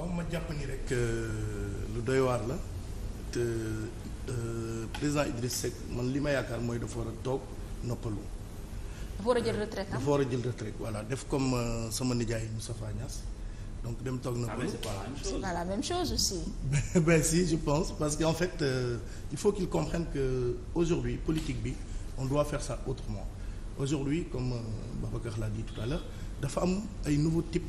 waaw ma jàpp ni rek euh, lu doy waar la te euh, président Idriss Seck man li ma yaakaar mooy dafa war a toog noppalu. dafa war a jël retraite ah? dafa def comme euh, sama nijaay Moustapha Niass donc dem toog noppalu. Ah, c'est si je pense parce que en fait euh, il faut qu'ils comprennent que aujourd'hui politique bi on doit faire ça autrement aujourd'hui comme euh, Babacar l'a tout à l'heure dafa am ay nouveau type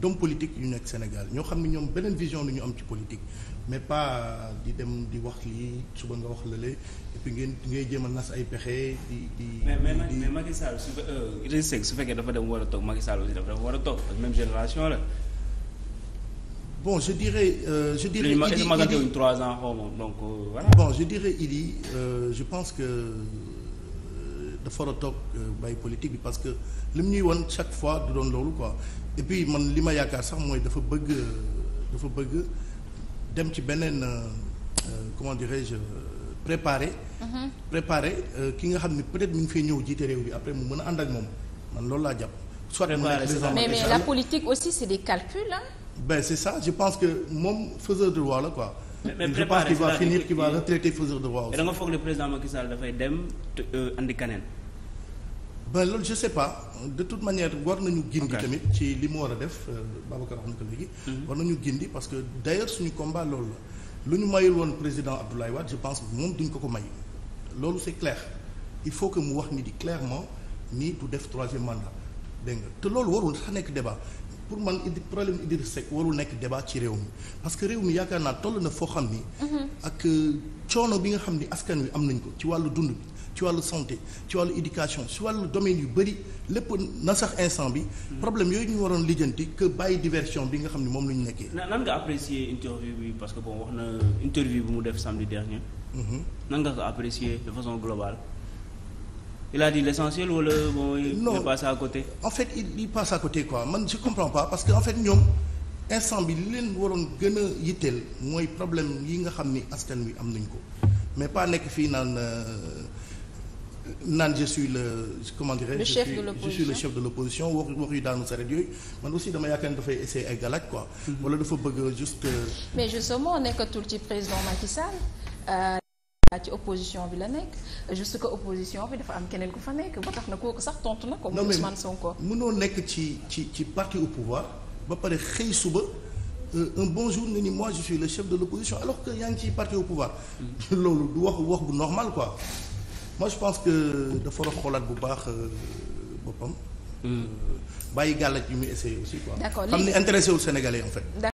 d'hommes politiques yu nekk Sénégal ñoo xam ne ñoom beneen vision la ñu am ci politique mais pas euh, di dem di wax lii suba nga wax lële et puis ngeen ngay jéem a nas ay pexe di di. mais mais mais Macky Sall su euh, fekkee su dafa dem war a toog Macky Sall aussi dafa war a toog même génération la. bon je dirais euh, je dirais. Idi Idi trois ans xaw donc voilà. bon je dirais Idi euh, je pense que. dafa war a toog euh, bàyyi politique bi parce que li mu ñuy won chaque fois du doon loolu quoi et puis man li ma yaakaar sax mooy dafa bëgg euh, dafa bëgg dem ci beneen euh, comment dirais-je préparer. Mm-hmm. préparer ki nga xam ni peut-être mi ngi fay ñëw jiite réew bi après mu mën a ànd ak moom man loolu laa jàpp. soit mu nekk mais mais la politique aussi c'est des calculs hein. c'est ça je pense que moom faiseur de roi la quoi. mais je pense qu'il va finir qu'il va retraiter faiseur de voix aussi. da nga foog ne président Macky Sall dafay dem te euh, andi keneen. ba loolu je sais pas de toute manière war nañu gindi tamit ci li mu war a def euh, Babacar wax na ko léegi mhm. war nañu gindi parce que d'ailleurs suñu combat loolu la lu ñu mayul woon président Abdoulaye Wade je pense moom duñ ko ko may loolu c'est clair il faut que mu wax ni di clairement nii du def troisième mandat dégg nga te loolu warul sax nekk débat pour man indi problème Idriss Seck warul nekk débat ci réew mi parce que réew mi yaakaar naa toll na foo xam ni. Mhm. ak euh, coono bi nga xam ni askan wi am nañ ko ci wàllu dund bi ci wàllu santé ci wàllu éducation ci wàllu domaine yu bëri lépp na sax instant bi. Mhm. problème yooyu ñu waroon lijjanti que bàyyi diversion bi nga xam ni moom la ñu nekkee. nan nga apprécier interview bi parce que bon wax na interview bi mu def samedi dernier. Mhm. nan nga ko apprécier de façon il a dit l'essentiel wala bon il, non, à côté. en fait il il à côté quoi man je comprends pas parce que en fait ñoom instant bi li leen waroon gën a yitteel mooy problème yi nga xam ni askan wi am nañ ko mais pas nekk fii naan euh, naan je suis le comment dirais-je. le chef je suis le chef de l'opposition wax wax yu daanu saret yooyu man aussi dama yaakaar ne dafay essayer ay galaj quoi. Mm-hmm. wala dafa bëgg juste. Euh, mais justement nekkatul ci président Macky euh, ci opposition bi la nekk juste que opposition bi dafa am keneen ku fa nekk ba tax na kooku sax tontu na ko. non Ousmane Sonko. mënoo nekk ci ci parti au pouvoir ba pare xëy suba euh, un bon jour nga ni mois je suis le chef de l' opposition alors que yaa ngi ci parti au pouvoir. loolu du wax wax gu normal quoi. moi je pense que dafa war a bu baax euh, boppam. Hmm. Euh, bàyyi gàllank yi muy essayé aussi quoi. d' accord xam ni intéressé wul en fait.